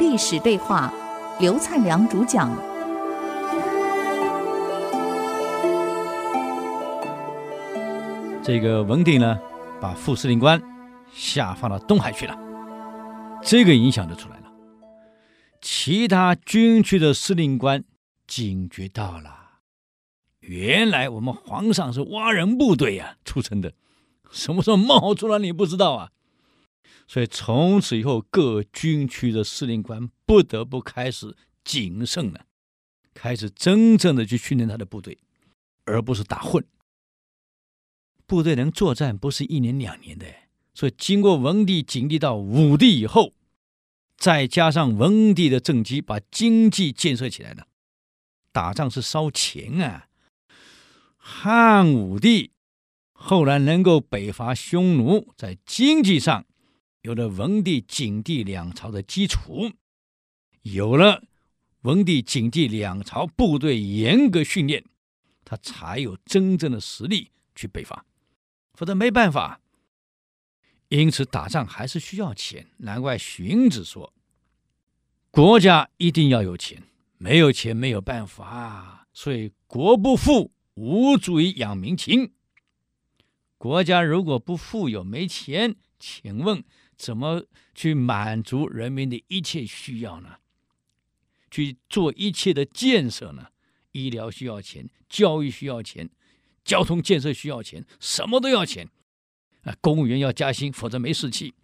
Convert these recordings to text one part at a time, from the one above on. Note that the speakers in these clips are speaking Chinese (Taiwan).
歷史對話，劉燦樑主講。這個文帝呢，把副司令官下放到東海去了，這個影響就出來了。其他軍區的司令官警覺到了，原來我們皇上是蛙人部隊呀出身的，什麼時候冒出來你不知道啊？所以從此以後，各軍區的司令官不得不開始謹慎了，開始真正的去訓練他的部隊，而不是打混。部隊能作戰不是一年兩年的。所以經過文帝、景帝到武帝以後，再加上文帝的政績，把經濟建設起來了，打仗是燒錢啊。漢武帝後來能夠北伐匈奴，在經濟上。有了文帝、景帝兩朝的基礎，有了文帝、景帝兩朝部隊嚴格訓練，他才有真正的實力去北伐，否則沒辦法。因此，打仗還是需要錢。難怪荀子說：“國家一定要有錢，沒有錢沒有辦法啊。”所以，國不富無足以養民情。國家如果不富有沒錢，請問？怎麼去滿足人民的一切需要呢？去做一切的建設呢？醫療需要錢，教育需要錢，交通建設需要錢，什麼都要錢啊！公務員要加薪，否則沒士氣。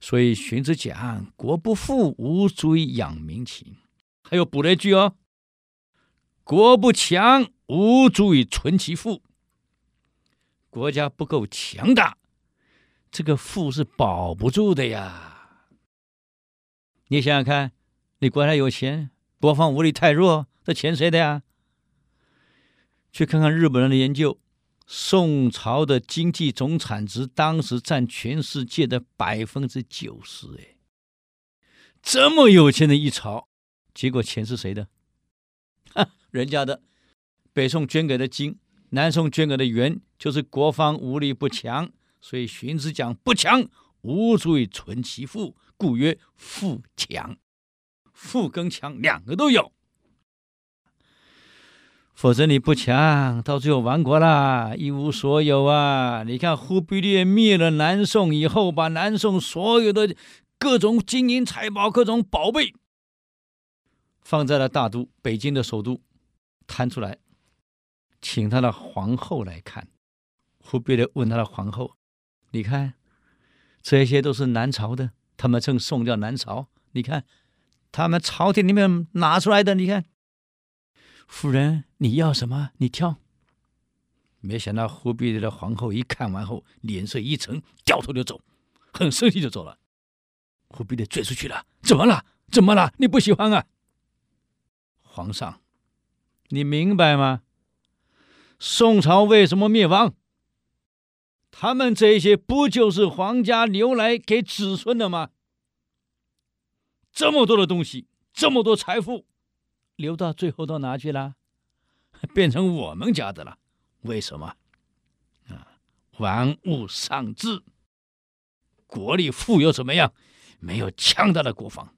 所以荀子講：“國不富，無足以養民情。”還有補了一句哦：“國不強，無足以存其富。”國家不夠強大。這個富是保不住的呀！你想想看，你國家有錢，國防武力太弱，這錢誰的呀？去看看日本人的研究，宋朝的經濟總產值當時佔全世界的百分之九十。哎，這麼有錢的一朝，結果錢是誰的？哈，人家的。北宋捐給的金，南宋捐給的元，就是國防武力不強，所以荀子講：“不強，無足以存其富，故曰富強。”富跟強兩個都有，否則你不強，到最後亡國啦，一無所有啊！你看忽必烈滅了南宋以後，把南宋所有的各種金銀財寶、各種寶貝，放在了大都北京的首都，攤出來，請他的皇後來看。忽必烈問他的皇後。你看，這些都是南朝的，他們正宋掉南朝。你看，他們朝廷裡面拿出來的。你看，夫人，你要什麼？你挑。沒想到忽必烈的皇後一看完後，臉色一沉，掉頭就走，很生氣就走了。忽必烈追出去了，怎麼了？怎麼了？你不喜歡啊？皇上，你明白嗎？宋朝為什麼滅亡？他們這些不就是皇家留來給子孫的嗎？這麼多的東西，這麼多財富，留到最後到哪去了？變成我們家的了？為什麼？啊，玩物喪志，國力富有怎麼樣？沒有強大的國防。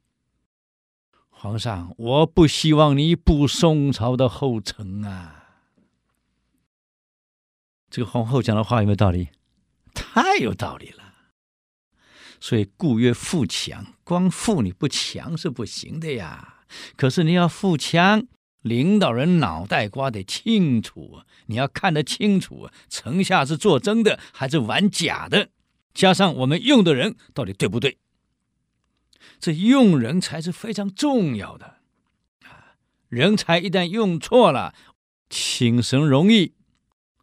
皇上，我不希望你步宋朝的後塵啊！這個皇后講的話有沒有道理？太有道理了，所以故曰富強，光富你不強是不行的呀。可是你要富強，領導人腦袋瓜得清楚，你要看得清楚，臣下是做真的還是玩假的，加上我們用的人到底對不對，這用人才是非常重要的啊。人才一旦用錯了，請神容易，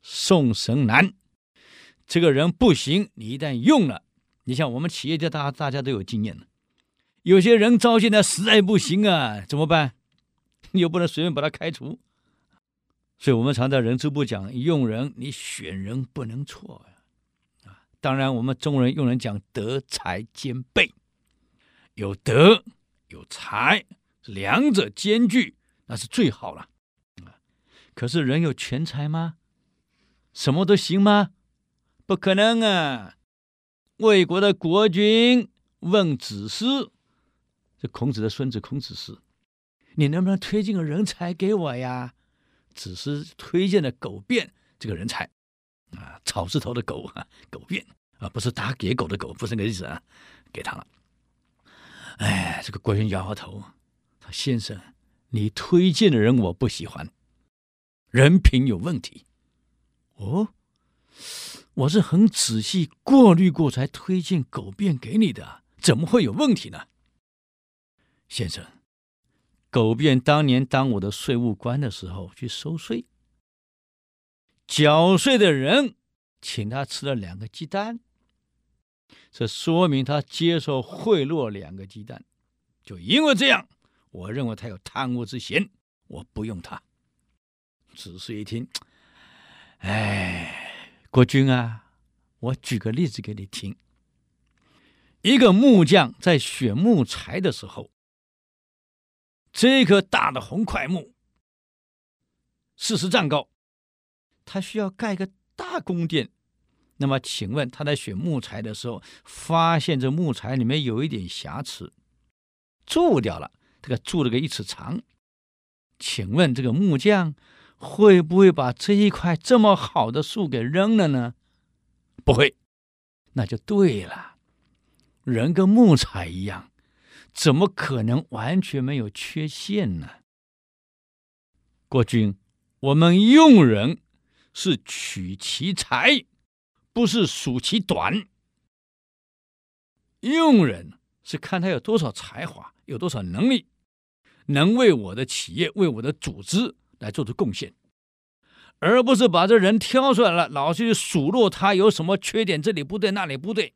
送神難。這個人不行，你一旦用了，你像我們企業家大家大家都有經驗的，有些人招進來實在不行啊，怎麼辦？你又不能隨便把他開除，所以我們常在人資部講，用人你選人不能錯呀。啊，當然我們中國人用人講德才兼備，有德有才，兩者兼具那是最好了。可是人有全才嗎？什麼都行嗎？不可能啊！魏國的國君問子思，這孔子的孫子孔子思，你能不能推薦個人才給我呀？子思推薦的苟變這個人才啊，草字頭的苟，啊、苟變啊，不是打給狗的狗，不是那個意思啊，給他了。哎，這個國君搖搖頭，他先生，你推薦的人我不喜歡，人品有問題哦。我是很仔細過濾過才推薦苟變給你的，怎麼會有問題呢？先生，苟變當年當我的稅務官的時候去收稅，繳稅的人請他吃了兩個雞蛋，這說明他接受賄賂兩個雞蛋，就因為這樣，我認為他有貪污之嫌，我不用他。子思一聽，哎。國君啊，我舉個例子給你聽。一個木匠在選木材的時候，這棵、個、大的紅檜木四十丈高，他需要蓋個大宮殿。那麼，請問他在選木材的時候，發現這木材裡面有一點瑕疵，蛀掉了，這個蛀了個一尺長。請問這個木匠，會不會把這一塊這麼好的樹給扔了呢？不會，那就對了。人跟木材一樣，怎麼可能完全沒有缺陷呢？國君，我們用人是取其才，不是數其短。用人是看他有多少才華，有多少能力，能為我的企業，為我的組織。來做出貢獻，而不是把這人挑出來了，老去數落他有什麼缺點，這裡不對，那裡不對。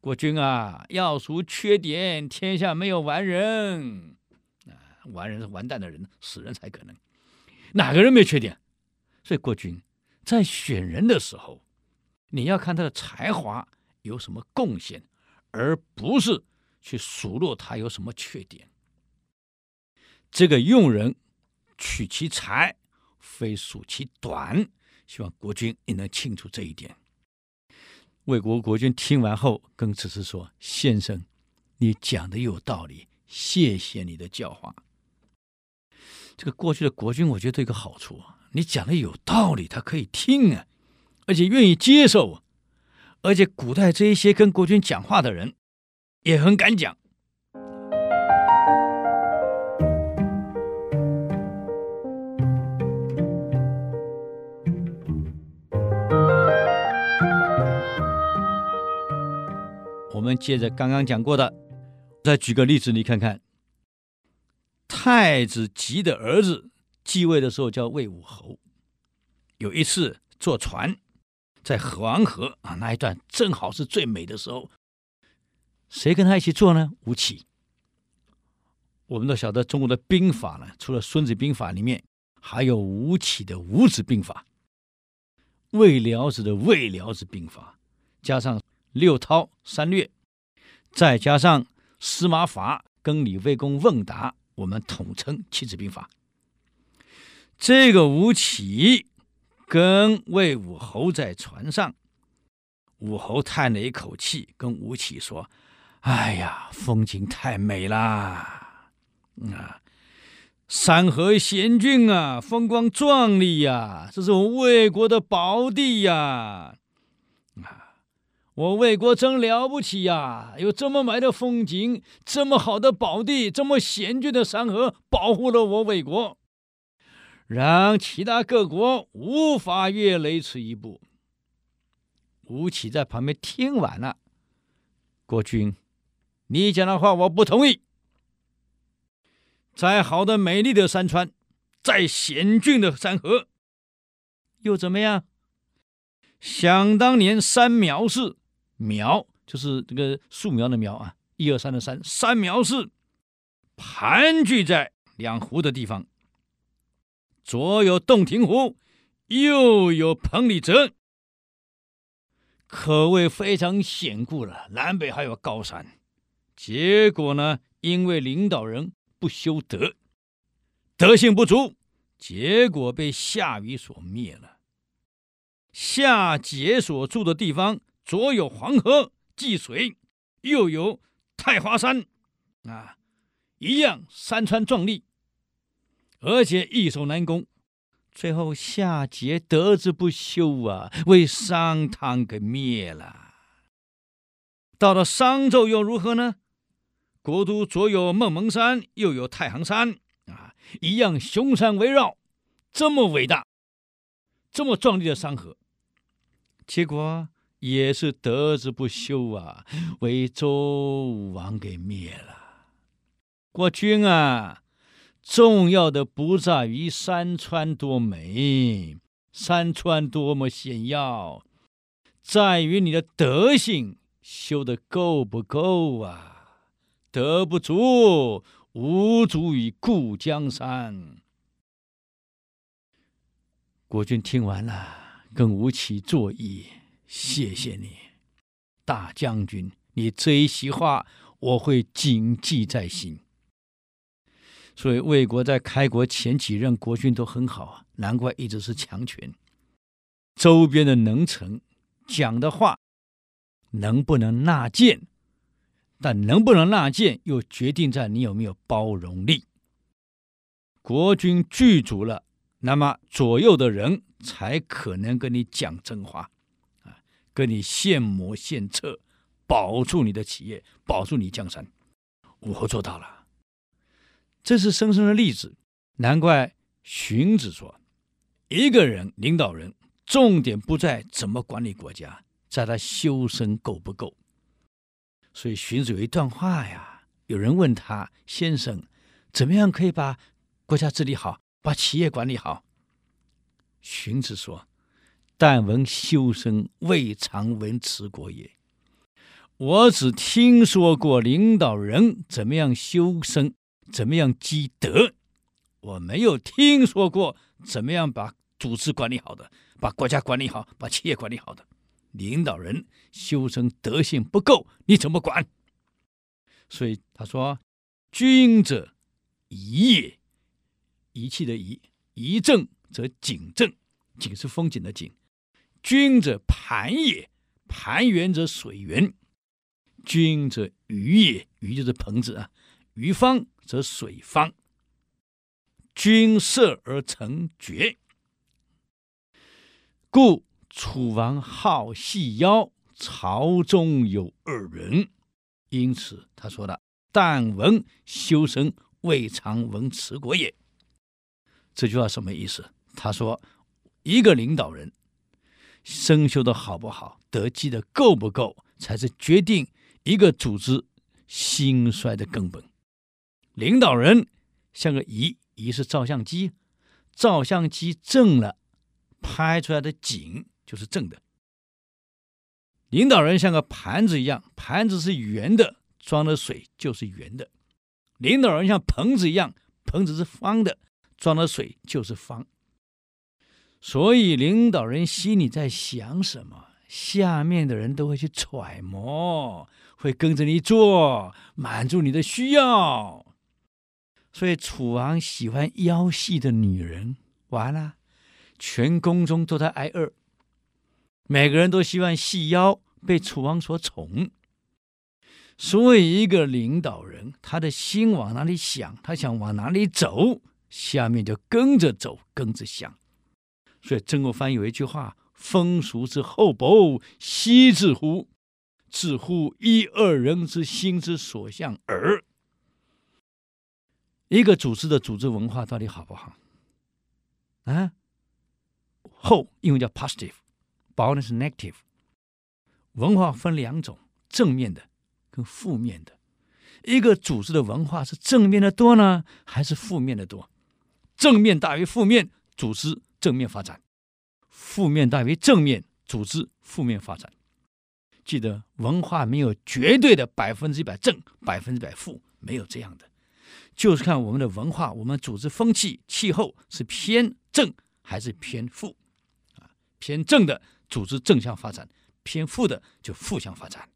國君啊，要數缺點，天下沒有完人啊，完人是完蛋的人，死人才可能。哪個人沒有缺點？所以國君在選人的時候，你要看他的才華有什麼貢獻，而不是去數落他有什麼缺點。這個用人。取其才，非數其短。希望國君也能清楚這一點。魏國國君聽完後，跟子思說：“先生，你講的有道理，謝謝你的教化。”這個過去的國君，我覺得有個好處啊，你講的有道理，他可以聽啊，而且願意接受啊，而且古代這一些跟國君講話的人，也很敢講。我們接着剛剛講過的，再舉個例子，你看看，太子姬的兒子繼位的時候叫魏武侯。有一次坐船，在黃河啊那一段正好是最美的時候，誰跟他一起坐呢？吳起。我們都曉得中國的兵法呢，除了《孫子兵法》裡面，還有吳起的《吳子兵法》，尉繚子的《尉繚子兵法》，加上《六韜》《三略》。再加上司馬法跟李衛公問答，我們統稱《七子兵法》。這個吳起跟魏武侯在船上，武侯嘆了一口氣，跟吳起說：“哎呀，風景太美了、嗯、啊！山河險峻啊，風光壯麗呀、啊，這是我魏國的寶地呀！”啊。嗯啊我魏國真了不起呀，啊！有這麼美的風景，這麼好的寶地，這麼險峻的山河，保護了我魏國，讓其他各國無法越雷池一步。吳起在旁邊聽完了，國君，你講的話我不同意。再好的美麗的山川，再險峻的山河，又怎麼樣？想當年三苗氏。苗就是這個樹苗的苗啊，一二三的三三苗是盤踞在兩湖的地方，左有洞庭湖，右有彭蠡澤，可謂非常險固了。南北還有高山，結果呢，因為領導人不修德，德性不足，結果被夏禹所滅了。夏桀所住的地方。左有黃河、濟水，右有太華山，啊，一樣山川壯麗，而且易守難攻。最後夏桀德之不修啊，為商湯給滅了。到了商紂又如何呢？國都左有孟門山，右有太行山，啊，一樣雄山圍繞，這麼偉大、這麼壯麗的山河，結果。也是德之不修啊，為周武王給滅了。國君啊，重要的不在於山川多美，山川多麼險要，在於你的德行修的夠不夠啊？德不足，無足以固江山。國君聽完了，跟吳起作揖。謝謝你，大將軍，你這一席話我會謹記在心。所以魏國在開國前幾任國君都很好啊，難怪一直是強權。周邊的能臣講的話能不能納諫，但能不能納諫又決定在你有沒有包容力。國君具足了，那麼左右的人才可能跟你講真話。跟你獻謀獻策，保住你的企業，保住你江山，我做到了。這是生生的例子，難怪荀子說，一個人領導人重點不在怎麼管理國家，在他修身夠不夠。所以荀子有一段話呀，有人問他，先生，怎麼樣可以把國家治理好，把企業管理好？荀子說。但聞修身，未嘗聞持國也。我只聽說過領導人怎麼樣修身，怎麼樣積德，我沒有聽說過怎麼樣把組織管理好的，把國家管理好，把企業管理好的。領導人修身德性不夠，你怎麼管？所以他說：“君者，儀也。儀器的儀，儀正則景正，景是風景的景。”君者盤也，盤圓則水圓；君者盂也，盂就是盆子啊。盂方則水方，君射而臣決。故楚王好細腰，朝中有二人，因此他說了，但聞修身，未嘗聞治國也”。這句話什麼意思？他說一個領導人。身修的好不好，德積的夠不夠，才是決定一個組織興衰的根本。領導人像個儀，儀是照相機，照相機正了，拍出來的景就是正的。領導人像個盤子一樣，盤子是圓的，裝的水就是圓的。領導人像盆子一樣，盆子是方的，裝的水就是方。所以，領導人心裡在想什麼，下面的人都會去揣摩，會跟着你做，滿足你的需要。所以，楚王喜歡腰細的女人，完了，全宮中都在挨餓，每個人都希望細腰被楚王所寵。所以，一個領導人，他的心往哪裡想，他想往哪裡走，下面就跟着走，跟着想。所以曾國藩有一句話：“風俗之厚薄，奚自乎？自乎一二人之心之所向耳。”一個組織的組織文化到底好不好？啊，厚英文叫 positive，薄呢是 negative。文化分兩種，正面的跟負面的。一個組織的文化是正面的多呢，還是負面的多？正面大於負面，組織。正面發展，負面大於正面，組織負面發展。記得文化沒有絕對的百分之一百正，百分之百負，沒有這樣的。就是看我們的文化，我們組織風氣、氣候是偏正還是偏負？啊，偏正的組織正向發展，偏負的就負向發展。